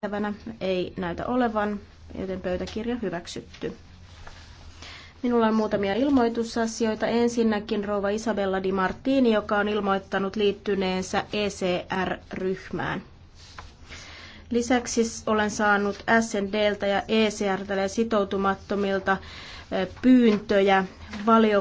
tehtävänä ei näytä olevan, joten pöytäkirja hyväksytty. Minulla on muutamia ilmoitusasioita. Ensinnäkin rouva Isabella Di Martini, joka on ilmoittanut liittyneensä ECR-ryhmään. Lisäksi olen saanut SNDltä ja ECR sitoutumattomilta pyyntöjä valio